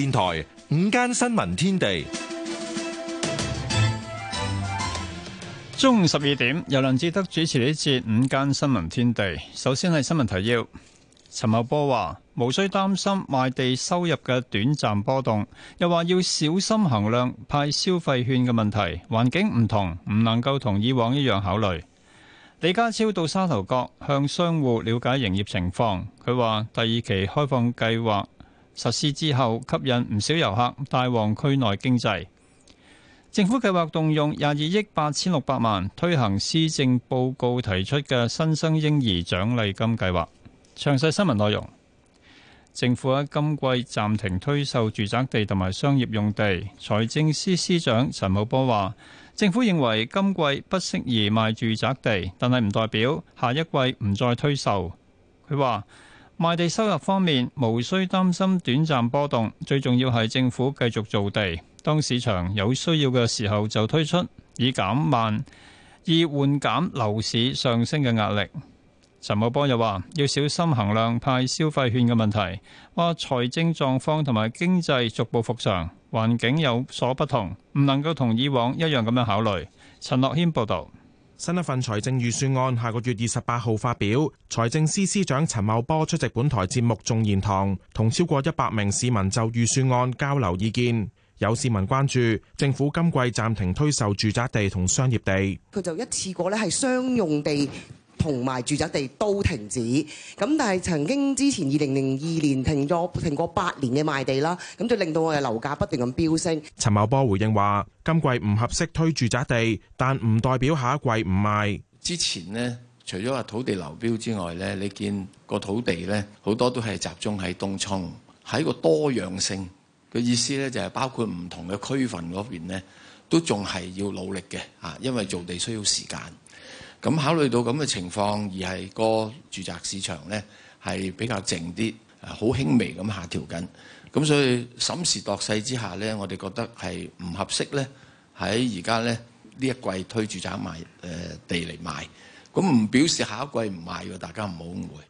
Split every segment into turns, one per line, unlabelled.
電台午間新聞天地，中
午十二點，由梁志德主持呢節午間新聞天地。首先係新聞提要，陳茂波話無需擔心賣地收入嘅短暫波動，又話要小心衡量派消費券嘅問題。環境唔同，唔能夠同以往一樣考慮。李家超到沙頭角向商戶了解營業情況，佢話第二期開放計劃。實施之後，吸引唔少遊客，帶旺區內經濟。政府計劃動用廿二億八千六百萬推行施政報告提出嘅新生嬰兒獎勵金計劃。詳細新聞內容，政府喺今季暫停推售住宅地同埋商業用地。財政司司長陳茂波話，政府認為今季不適宜賣住宅地，但係唔代表下一季唔再推售。佢話。賣地收入方面，無需擔心短暫波動，最重要係政府繼續造地，當市場有需要嘅時候就推出，以減慢、以緩減樓市上升嘅壓力。陳茂波又話：要小心衡量派消費券嘅問題，話財政狀況同埋經濟逐步復常，
環境有所不同，唔能夠同以往一樣咁樣考慮。陳樂軒報導。新一份財政預算案下個月二十八號發表，財政司司長陳茂波出席本台節目《眾言堂》，同超過一百名市民就預算案交流意見。有市民關注政府今季暫停推售住宅地同商業地，
佢就
一次過咧係商用地。同埋住宅地都停止，咁但係曾經之前二零零二年停咗停過八年嘅賣地啦，咁就令到我哋樓價不斷
咁飆升。陳茂波回應話，今季唔合適推住宅地，但唔代表下一季唔賣。之
前咧，除咗話土地流標之外咧，你見個土地咧好多都係集中喺東涌，係一個多樣性嘅意思咧，就係包括唔同嘅區份嗰邊咧，都仲係要努力嘅啊，因為做地需要時間。咁考慮到咁嘅情況，而係個住宅市場咧係比較靜啲，誒好輕微咁下調緊。咁所以審時度勢之下咧，我哋覺得係唔合適咧，喺而家咧呢一季推住宅賣、呃、地嚟賣。咁唔表示下一季唔賣喎，大家唔好誤會。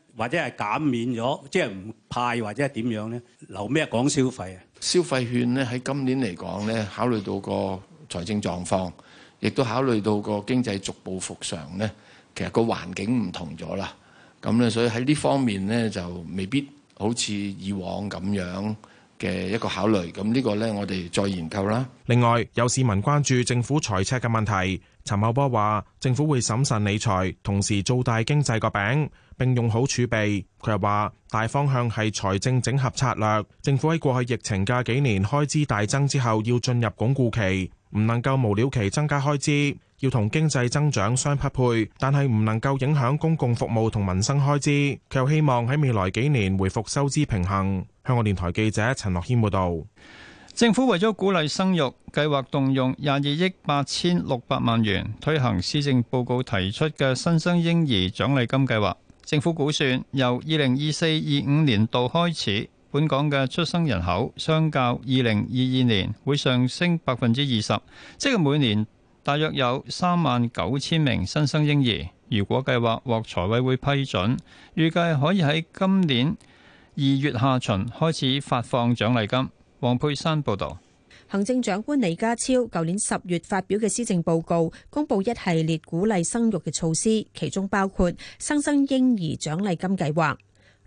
或者係減免咗，即係唔派，或者係點樣咧？留咩講
消費啊？消費券咧，喺今年嚟講咧，考慮到個財政狀況，亦都考慮到個經濟逐步復常咧，其實個環境唔同咗啦。咁咧，所以喺呢方面咧，就未必好似以往咁樣嘅一個考慮，咁呢個呢，我哋再研究啦。
另外有市民關注政府財赤嘅問題，陳茂波話：政府會審慎理財，同時做大經濟個餅，並用好儲備。佢又話：大方向係財政整合策略。政府喺過去疫情嘅幾年開支大增之後，要進入鞏固期。唔能夠無了期增加開支，要同經濟增長相匹配，但係唔能夠影響公共服務同民生開支。佢希望喺未來幾年回復收支平衡。香港電台記者陳樂軒報道。政府為咗鼓勵生育，計劃動用廿二億八千六百萬元
推行施政報告提出嘅新生嬰兒獎勵金計劃。政府估算由二零二四、二五年度開始。本港嘅出生人口相較二零二二年會上升百分之二十，即係每年大約有三萬九千名新生嬰兒。如果計劃獲財委會批准，預計可以喺今年二月下旬開始發放獎勵金。黃佩珊報道。
行政長官李家超舊年十月發表嘅施政報告，公布一系列鼓勵生育嘅措施，其中包括新生嬰兒獎勵金計劃。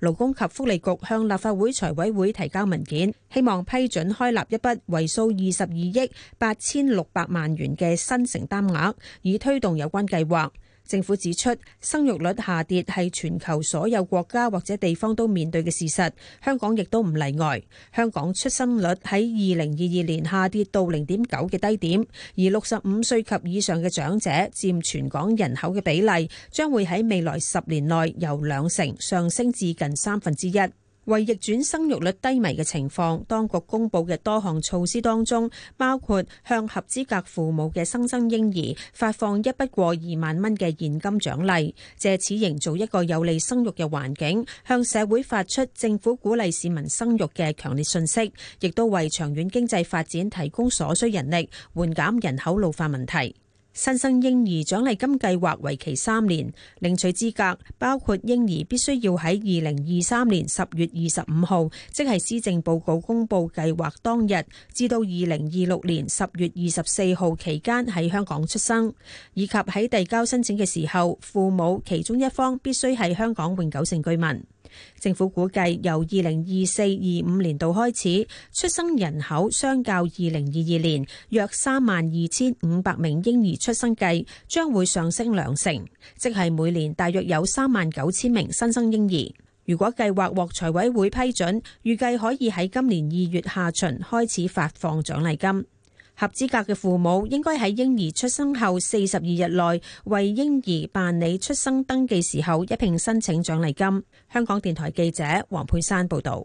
勞工及福利局向立法會財委會提交文件，希望批准開立一筆為數二十二億八千六百萬元嘅新承擔額，以推動有關計劃。政府指出，生育率下跌係全球所有國家或者地方都面對嘅事實，香港亦都唔例外。香港出生率喺二零二二年下跌到零點九嘅低點，而六十五歲及以上嘅長者佔全港人口嘅比例，將會喺未來十年內由兩成上升至近三分之一。為逆轉生育率低迷嘅情況，當局公布嘅多項措施當中，包括向合資格父母嘅新生，生嬰兒發放一筆過二萬蚊嘅現金獎勵，借此營造一個有利生育嘅環境，向社會發出政府鼓勵市民生育嘅強烈訊息，亦都為長遠經濟發展提供所需人力，緩減人口老化問題。新生嬰兒獎勵金計劃為期三年，領取資格包括嬰兒必須要喺二零二三年十月二十五號，即係施政報告公布計劃當日，至到二零二六年十月二十四號期間喺香港出生，以及喺遞交申請嘅時候，父母其中一方必須係香港永久性居民。政府估計由二零二四、二五年度開始，出生人口相較二零二二年約三萬二千五百名嬰兒出生計，將會上升兩成，即係每年大約有三萬九千名新生嬰兒。如果計劃獲財委會批准，預計可以喺今年二月下旬開始發放獎勵金。合資格嘅父母應該喺嬰兒出生後四十二日內為嬰兒辦理出生登記時候一併申請獎勵金。香港電台記者黃佩珊報道。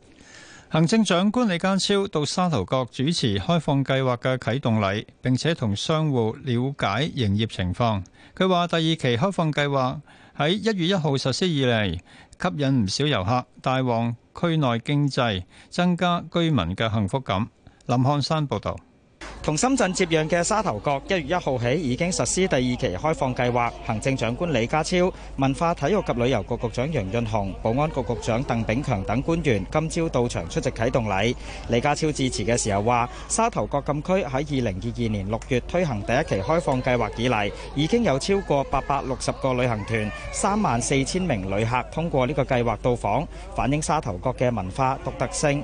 行政長官李家超到沙頭角主持開放計劃嘅啟動禮，並且同商戶了解營業情況。佢話第二期開放計劃喺一月一號實施以嚟，吸引唔少遊客，帶旺區內經濟，增加居民嘅幸福感。
林漢山報道。同深圳接壤嘅沙頭角一月一號起已經實施第二期開放計劃，行政長官李家超、文化體育及旅遊局局長楊潤雄、保安局局長鄧炳強等官員今朝到場出席啟動禮。李家超致辭嘅時候話，沙頭角禁區喺二零二二年六月推行第一期開放計劃以嚟，已經有超過八百六十個旅行團、三萬四千名旅客通過呢個計劃到訪，反映沙頭角嘅文化獨特性。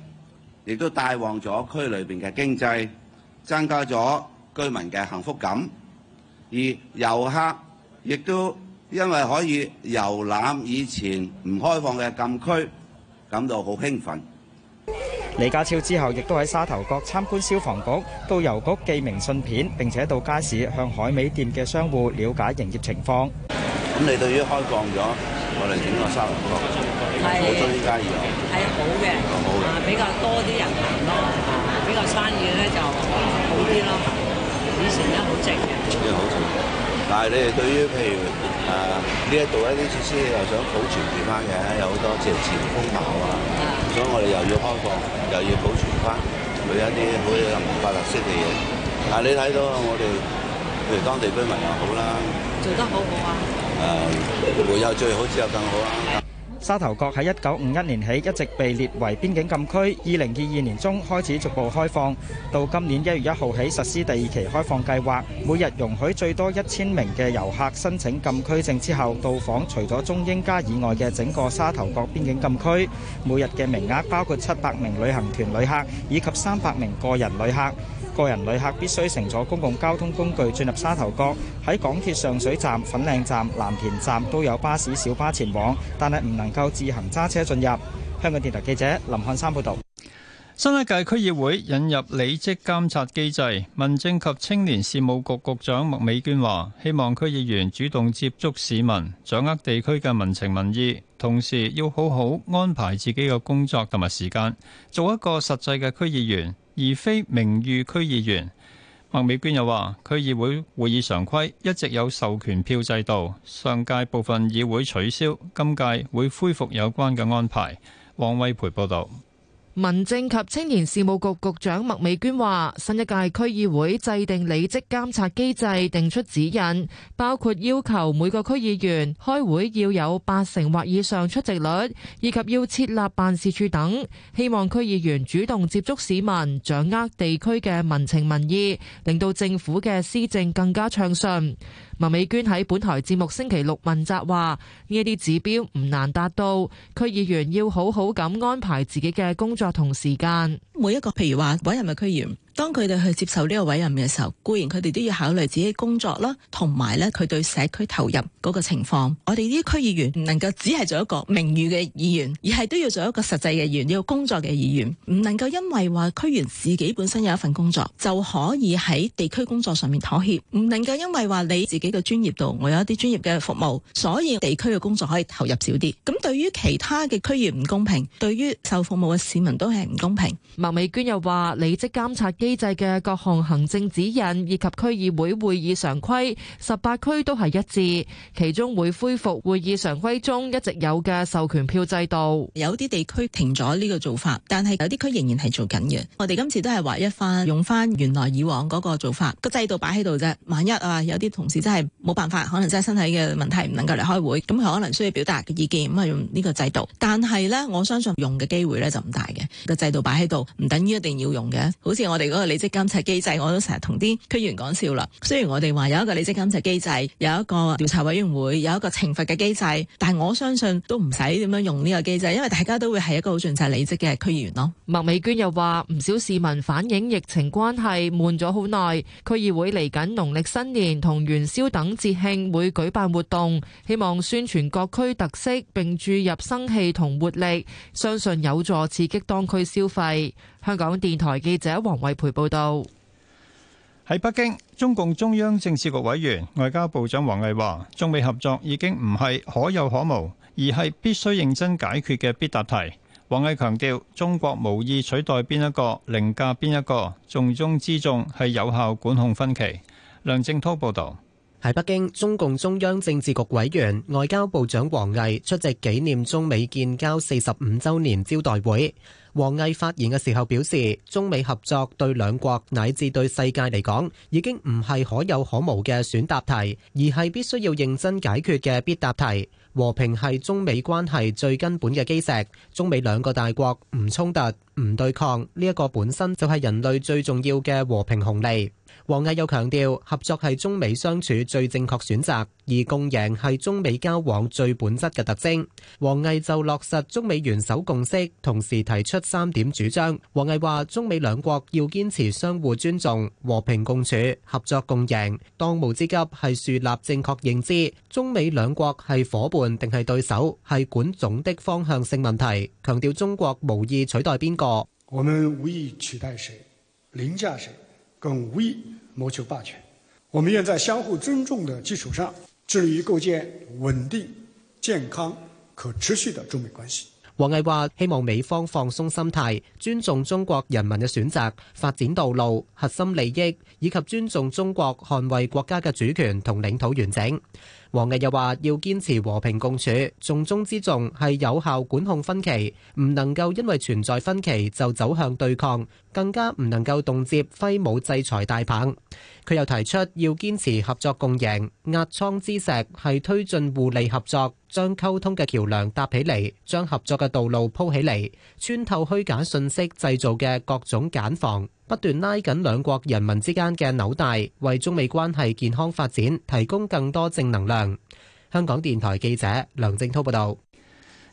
亦都帶旺咗區裏邊嘅經濟，增加咗居民嘅幸福感，而遊客亦都因為可以遊覽以前唔開放嘅禁區，感到好興奮。
李家超之後亦都喺沙頭角參觀消防局，到郵局寄明信片，並且到街市向海味店嘅商戶瞭解營業情況。
咁你對於開放咗我哋整個沙頭角中英街如何？係好嘅。比較多啲人行咯，啊，比較生意咧就好啲咯。以前咧好靜嘅。啲好靜，但係你哋對於譬如啊呢一度一啲設施又想保存住翻嘅，有好多嘅潮風貌啊，的所以我哋又要開放，又要保存翻佢一啲好有文化特色嘅嘢。嗯嗯、但係你睇到我哋，譬如當地居民又好啦、啊，做得好好啊。啊、呃，沒有最好，只有更好啦、啊。
沙頭角喺一九五一年起一直被列為邊境禁區，二零二二年中開始逐步開放，到今年一月一號起實施第二期開放計劃，每日容許最多一千名嘅遊客申請禁區證之後到訪，除咗中英街以外嘅整個沙頭角邊境禁區，每日嘅名額包括七百名旅行團旅客以及三百名個人旅客。個人旅客必須乘坐公共交通工具進入沙頭角，喺港鐵上水站、粉嶺站、藍田站都有巴士、小巴前往，但係唔能夠自行揸車進入。香港電台記者林漢山報導。
新一屆區議會引入履職監察機制，民政及青年事務局局局長麥美娟話：希望區議員主動接觸市民，掌握地區嘅民情民意，同時要好好安排自己嘅工作同埋時間，做一個實際嘅區議員。而非名譽區議員，麥美娟又話區議會會議常規一直有授權票制度，上屆部分議會取消，今屆會恢復有關嘅安排。黃偉培報道。
民政及青年事務局局長麥美娟話：新一屆區議會制定履職監察機制，定出指引，包括要求每個區議員開會要有八成或以上出席率，以及要設立辦事處等。希望區議員主動接觸市民，掌握地區嘅民情民意，令到政府嘅施政更加暢順。麥美娟喺本台節目星期六問責話：呢一啲指標唔難達到，區議員要好好咁安排自己嘅工作同時間。每一個，譬如話委任嘅區議員。當佢哋去接受呢個委任嘅時候，
固然佢哋都要考慮自己工作啦，同埋咧佢對社區投入嗰個情況。我哋啲區議員唔能夠只係做一個名譽嘅議員，而係都要做一個實際嘅議員，要工作嘅議員。唔能夠因為話區員自己本身有一份工作，就可以喺地區工作上面妥協。唔能夠因為話你自己嘅專業度，我有一啲專業嘅服務，所以地區嘅工作可以投入少啲。咁對於其他嘅區議員唔公平，對於受服務嘅市
民都係唔公平。麥美娟又話你即監察機制嘅各項行政指引以及區議會會議常規，十八區都係一致，其中會恢復會議常規中一直有嘅授權票制度。有啲地區停咗呢個做法，
但係有啲區仍然係做緊嘅。我哋今次都係話一翻，用翻原來以往嗰個做法，個制度擺喺度啫。萬一啊，有啲同事真係冇辦法，可能真係身體嘅問題唔能夠嚟開會，咁佢可能需要表達嘅意見，咁啊用呢個制度。但係咧，我相信用嘅機會咧就唔大嘅。個制度擺喺度，唔等於一定要用嘅。好似我哋。嗰個履職監察機制，我都成日同啲區議員講笑啦。雖然我哋話有一個履職監察機制，有一個調查委員會，有一個懲罰嘅
機制，但係我相信都唔使點樣用呢個機制，因為大家都會係一個好盡責履職嘅區議員咯。麥美娟又話：唔少市民反映疫情關係，悶咗好耐。區議會嚟緊農曆新年同元宵等節慶會舉辦活動，希望宣傳各區特色並注入生氣同活力，相信有助刺激當區消費。香港電台記者王慧培報道，
喺北京，中共中央政治局委員外交部長王毅話：中美合作已經唔係可有可無，而係必須認真解決嘅必答題。王毅強調，中國無意取代邊一個，凌駕邊一個，重中之重係有效管控分歧。梁正濤報道，
喺北京，中共中央政治局委員外交部長王毅出席紀念中美建交四十五周年招待會。王毅發言嘅時候表示，中美合作對兩國乃至對世界嚟講，已經唔係可有可無嘅選答題，而係必須要認真解決嘅必答題。和平係中美關係最根本嘅基石，中美兩個大國唔衝突、唔對抗呢一個本身就係人類最重要嘅和平紅利。王毅又強調，合作係中美相處最正確選擇，而共贏係中美交往最本質嘅特徵。王毅就落實中美元首共識，同時提出三點主張。王毅話：中美兩國要堅持相互尊重、和平共處、合作共贏。當務之急係樹立正確認知，中美兩國係夥伴定係對手，係管總的方向性問題。強調中國無意取代
邊個，我們無意取代誰，凌駕誰。更無意謀求霸權，我們願在相互尊重的基礎上，致力於構建穩定、健康、可持續的中美關係。
王毅話希望美方放鬆心態，尊重中國人民嘅選擇、發展道路、核心利益，以及尊重中國捍衛國家嘅主權同領土完整。王毅又話要堅持和平共處，重中之重係有效管控分歧，唔能夠因為存在分歧就走向對抗。更加唔能夠動輒揮舞制裁大棒，佢又提出要堅持合作共贏，壓艙之石係推進互利合作，將溝通嘅橋梁搭起嚟，將合作嘅道路鋪起嚟，穿透虛假信息製造嘅各種繭房，不斷拉緊兩國人民之間嘅紐帶，為中美關係健康發展提供更多正能量。香港電台記
者梁正滔報道。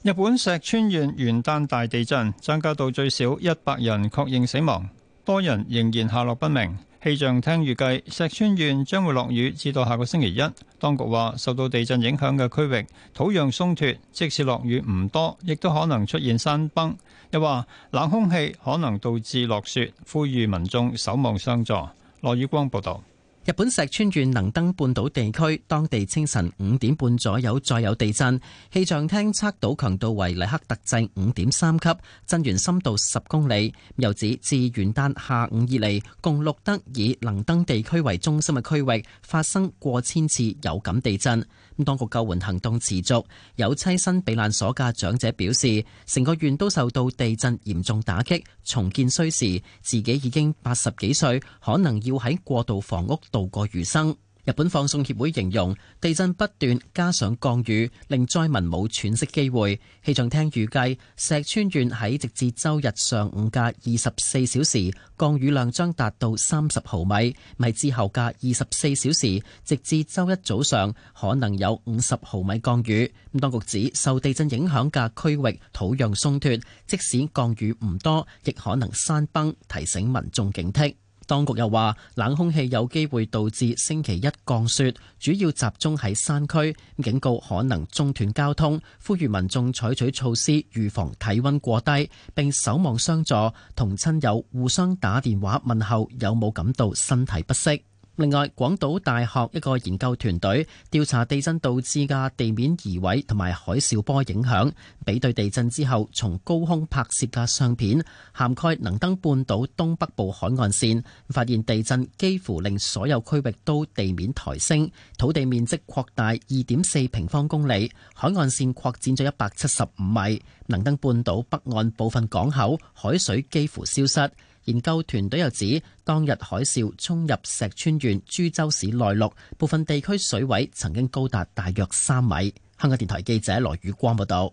日本石川縣元旦大地震增加到最少一百人確認死亡，多人仍然下落不明。氣象廳預計石川縣將會落雨，至到下個星期一。當局話受到地震影響嘅區域土壤鬆脫，即使落雨唔多，亦都可能出現山崩。又話冷空氣可能導致落雪，呼籲民眾守望相助。羅宇光報道。日本石川縣能登半島地區，當地清晨五點半左右再有
地震，氣象廳測到強度為黎克特制五點三級，震源深度十公里。又指自元旦下午以嚟，共錄得以能登地區為中心嘅區域發生過千次有感地震。當局救援行動持續，有棲身避難所嘅長者表示，成個縣都受到地震嚴重打擊，重建需時。自己已經八十幾歲，可能要喺過渡房屋度過餘生。日本放送協會形容地震不斷，加上降雨，令災民冇喘息機會。氣象廳預計石川縣喺直至周日上午嘅二十四小時降雨量將達到三十毫米，咪之後嘅二十四小時直至周一早上可能有五十毫米降雨。咁當局指受地震影響嘅區域土壤鬆脱，即使降雨唔多，亦可能山崩，提醒民眾警惕。當局又話，冷空氣有機會導致星期一降雪，主要集中喺山區，警告可能中斷交通，呼籲民眾採取措施預防體溫過低，並守望相助，同親友互相打電話問候，有冇感到身體不適。另外，廣島大學一個研究團隊調查地震導致嘅地面移位同埋海嘯波影響，比對地震之後從高空拍攝嘅相片，涵蓋能登半島東北部海岸線，發現地震幾乎令所有區域都地面抬升，土地面積擴大二點四平方公里，海岸線擴展咗一百七十五米，能登半島北岸部分港口海水幾乎消失。研究團隊又指，當日海嘯衝入石川縣、珠洲市內陸，部分地區水位曾經高達大約三米。香港電台記者羅宇光報道。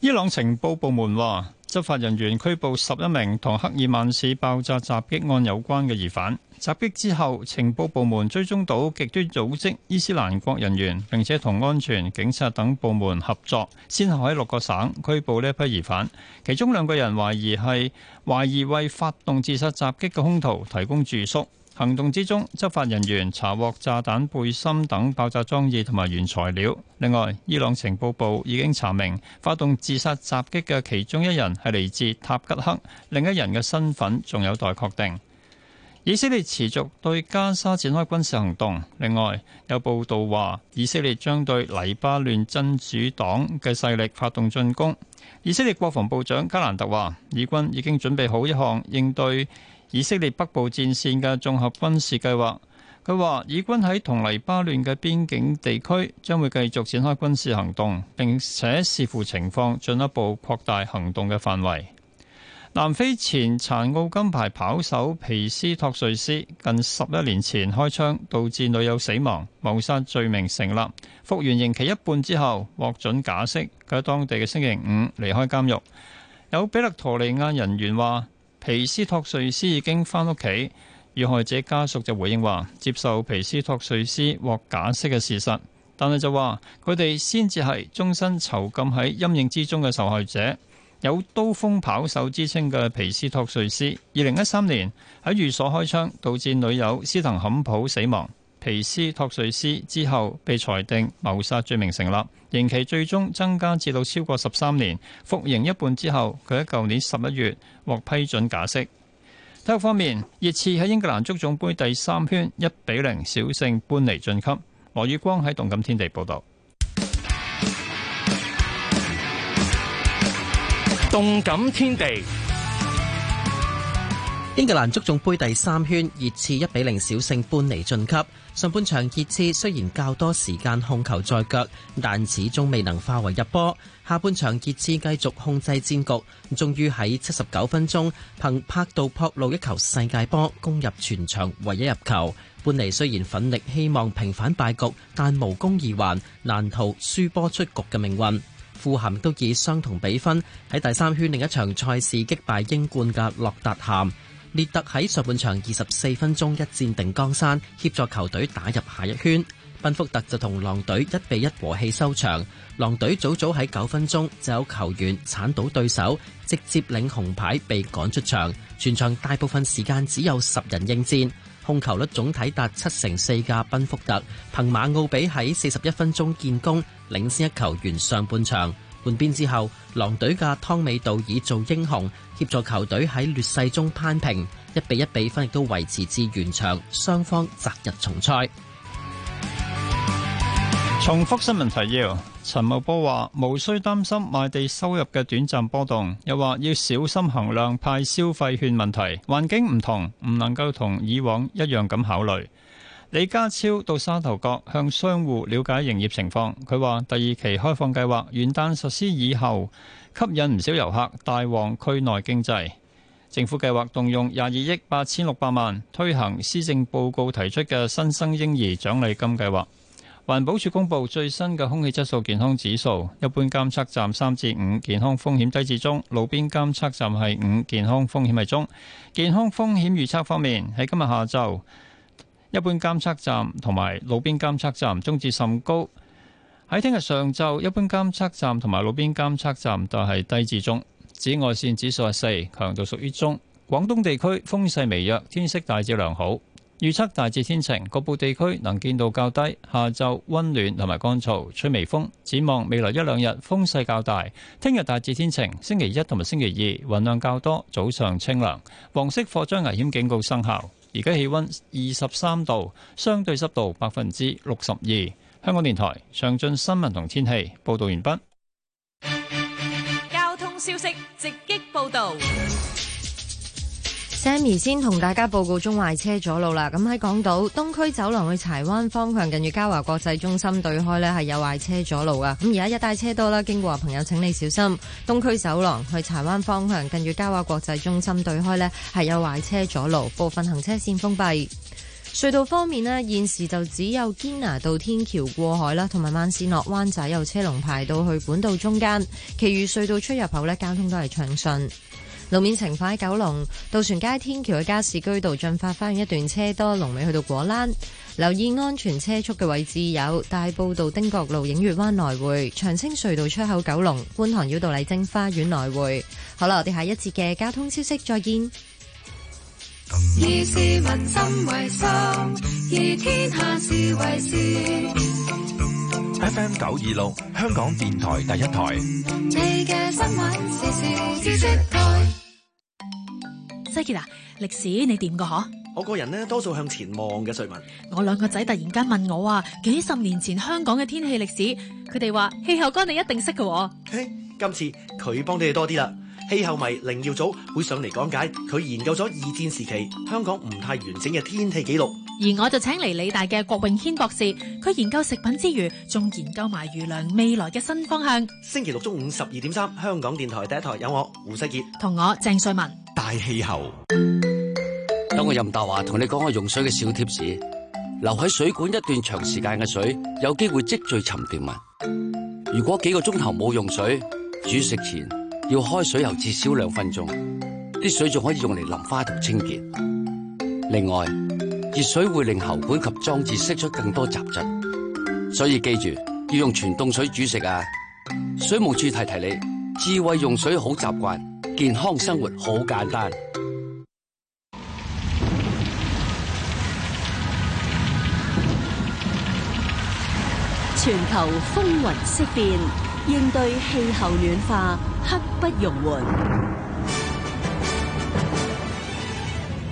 伊朗情報部門話，執法人員拘捕十一名同克爾曼市爆炸襲擊案有關嘅疑犯。襲擊之後，情報部門追蹤到極端組織伊斯蘭國人員，並且同安全、警察等部門合作，先後喺六個省拘捕呢批疑犯。其中兩個人懷疑係懷疑為發動自殺襲擊嘅兇徒提供住宿。行動之中，執法人員查獲炸彈背心等爆炸裝置同埋原材料。另外，伊朗情報部已經查明發動自殺襲擊嘅其中一人係嚟自塔吉克，另一人嘅身份仲有待確定。以色列持續對加沙展開軍事行動。另外，有報道話以色列將對黎巴嫩真主黨嘅勢力發動進攻。以色列國防部長加蘭特話，以軍已經準備好一項應對以色列北部戰線嘅綜合軍事計劃，佢話以軍喺同黎巴嫩嘅邊境地區將會繼續展開軍事行動，並且視乎情況進一步擴大行動嘅範圍。南非前殘奧金牌跑手皮斯托瑞斯近十一年前開槍導致女友死亡，謀殺罪名成立，服完刑期一半之後獲准假釋，佢喺當地嘅星期五離開監獄。有比勒陀利亞人員話。皮斯托瑞斯已經返屋企，遇害者家屬就回應話接受皮斯托瑞斯獲假釋嘅事實，但係就話佢哋先至係終身囚禁喺陰影之中嘅受害者。有刀鋒跑手之稱嘅皮斯托瑞斯，二零一三年喺寓所開槍，導致女友斯滕坎普死亡。皮斯托瑞斯之後被裁定謀殺罪名成立，刑期最終增加至到超過十三年。服刑一半之後，佢喺舊年十一月獲批准假釋。體育方面，熱刺喺英格蘭足總盃第三圈一比零小勝，搬離晉級。羅宇光喺動感天地報道。動感天地。報
英格蘭足總盃第三圈熱刺一比零小勝半尼晉級。上半場熱刺雖然較多時間控球在腳，但始終未能化為入波。下半場熱刺繼續控制戰局，終於喺七十九分鐘憑拍到撲路一球世界波攻入全場唯一入球。半尼雖然奮力希望平反敗局，但無功而還，難逃輸波出局嘅命運。富咸都以相同比分喺第三圈另一場賽事擊敗英冠嘅洛達咸。列特喺上半場二十四分鐘一戰定江山，協助球隊打入下一圈。賓福特就同狼隊一比一和氣收場。狼隊早早喺九分鐘就有球員鏟倒對手，直接領紅牌被趕出場。全場大部分時間只有十人應戰，控球率總體達七成四嘅賓福特，憑馬奧比喺四十一分鐘建功，領先一球完上半場。換邊之後，狼隊嘅湯美道爾做英雄協助球隊喺劣勢中攀平一比一比分，亦都維持至完場，雙方擇
日重賽。重複新聞提要：陳茂波話，無需擔心賣地收入嘅短暫波動，又話要小心衡量派消費券問題。環境唔同，唔能夠同以往一樣咁考慮。李家超到沙頭角向商戶了解營業情況，佢話第二期開放計劃元旦實施以後，吸引唔少遊客，帶旺區內經濟。政府計劃動用廿二億八千六百萬推行施政報告提出嘅新生嬰兒獎勵金計劃。環保署公布最新嘅空氣質素健康指數，一般監測站三至五，健康風險低至中；路邊監測站係五，健康風險係中。健康風險預測方面，喺今日下晝。一般監測站同埋路邊監測站中至甚高。喺聽日上晝，一般監測站同埋路邊監測站都係低至中。紫外線指數係四，強度屬於中。廣東地區風勢微弱，天色大致良好，預測大致天晴。局部地區能見度較低。下晝溫暖同埋乾燥，吹微風。展望未來一兩日風勢較大。聽日大致天晴，星期一同埋星期二雲量較多，早上清涼。黃色火災危險警告生效。而家氣溫二十三度，相對濕度百分之六十二。香港電台上晝新聞同天氣報道完畢。
交通消息直擊報道。
Amy 先同大家報告中壞車阻路啦。咁喺港島東區走廊去柴灣方向，近住嘉華國際中心對開呢係有壞車阻路啊。咁而家一大車多啦，一帶車多啦，經過朋友請你小心。東區走廊去柴灣方向，近住嘉華國際中心對開呢係有壞車阻路，部分行車線封閉。隧道方面呢現時就只有堅拿道天橋過海啦，同埋慢線落灣仔有車龍排到去管道中間，其餘隧道出入口呢交通都係暢順。路面情況，喺九龍渡船街天橋嘅加士居道進發花園一段車多，龍尾去到果欄。留意安全車速嘅位置有大埔道汀角路、映月灣來回、長青隧道出口九龍、九龍觀塘繞道麗晶花園來回。好啦，我哋下一節嘅交通消息再見。
以市民心為心，以天下事為事。
FM 九二六，香港電台第一台。
你嘅新聞事
事知西杰啊，歷史你點噶？嗬，
我個人咧多數向前望嘅，瑞文。
我兩個仔突然間問我啊，幾十年前香港嘅天氣歷史，佢哋話氣候哥你一定識噶，啊。嘿，
今次佢幫你哋多啲啦。氣候迷凌耀祖會上嚟講解，佢研究咗二戰時期香港唔太完整嘅天氣記錄。
而我就請嚟理大嘅郭永軒博士，佢研究食品之餘，仲研究埋魚糧未來嘅新
方向。星期六中午十二點三，香港電台第一台有我胡世杰，同我鄭瑞文，大氣候當 我任達華同你講我用水嘅小貼士。
留喺水管一段長時間嘅水，有機會積聚沉澱物。如果幾個鐘頭冇用水，煮食前要開水喉至少兩分鐘，啲水仲可以用嚟淋花同清潔。另外。熱水會令喉管及裝置釋出更多雜質，所以記住要用全凍水煮食啊！水務處提提你，智慧用水好習慣，健康生活好簡單。全球風雲色變，應對氣候暖化，刻不容緩。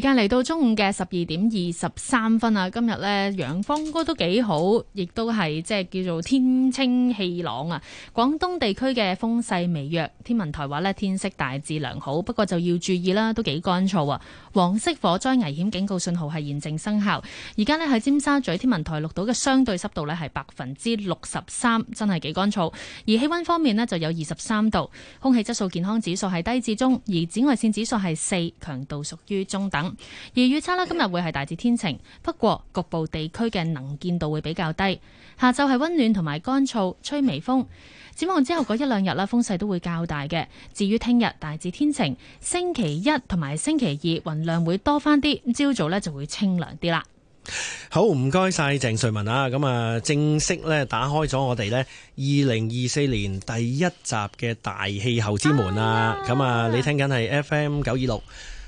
而家嚟到中午嘅十二點二十三分啊！今日呢，陽光應該都幾好，亦都係即係叫做天清氣朗啊！廣東地區嘅風勢微弱，天文台話呢，天色大致良好，不過就要注意啦，都幾乾燥啊！黃色火災危險警告信號係現正生效。而家呢，喺尖沙咀天文台錄到嘅相對濕度呢係百分之六十三，真係幾乾燥。而氣溫方面呢，就有二十三度，空氣質素健康指數係低至中，而紫外線指數係四，強度屬於中等。而預測咧，今日會係大致天晴，不過局部地區嘅能見度會比較低。下晝係溫暖同埋乾燥，吹微風。展望之後嗰一兩日咧，風勢都會較大嘅。至於聽日大致天晴，星期一同埋星期二雲量會多返啲，朝早咧就會清涼啲啦。
好，唔該晒鄭瑞文啊！咁啊，正式咧打開咗我哋呢二零二四年第一集嘅大氣候之門啊！咁啊，你聽緊係 FM 九二六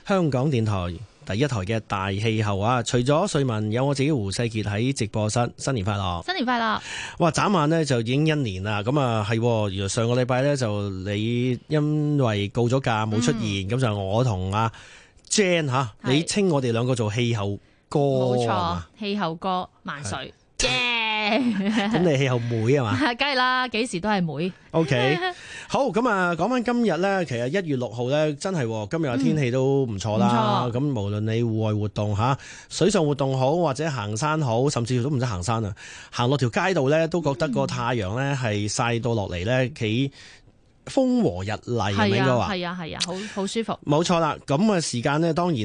香港電台。第一台嘅大氣候啊，除咗瑞文，有我自己胡世杰喺直播室，新年快樂！新年快樂！哇，眨眼呢就已經一年啦，咁啊係，原來、啊、上個禮拜呢，就你因為告咗假冇、嗯、出現，咁就我同阿、啊、Jane 吓，是你稱我哋兩個做氣候哥，冇錯，
吧氣候哥萬歲！咁 你
氣候妹啊嘛？
梗係啦，幾時都係妹。 o、okay.
K，好咁啊，講翻今日咧，其實一月六號咧，真係今日嘅天氣都唔錯啦。咁、嗯、無論你戶外活動吓，水上活動好，或者行山好，甚至乎都唔使行山啊，行落條街度咧，都覺得個太陽咧係晒到落嚟咧，其、嗯、風和日麗咁樣噶話，
係、嗯、吧啊係啊,啊,啊，好好舒服。
冇錯啦，咁啊時間咧當然。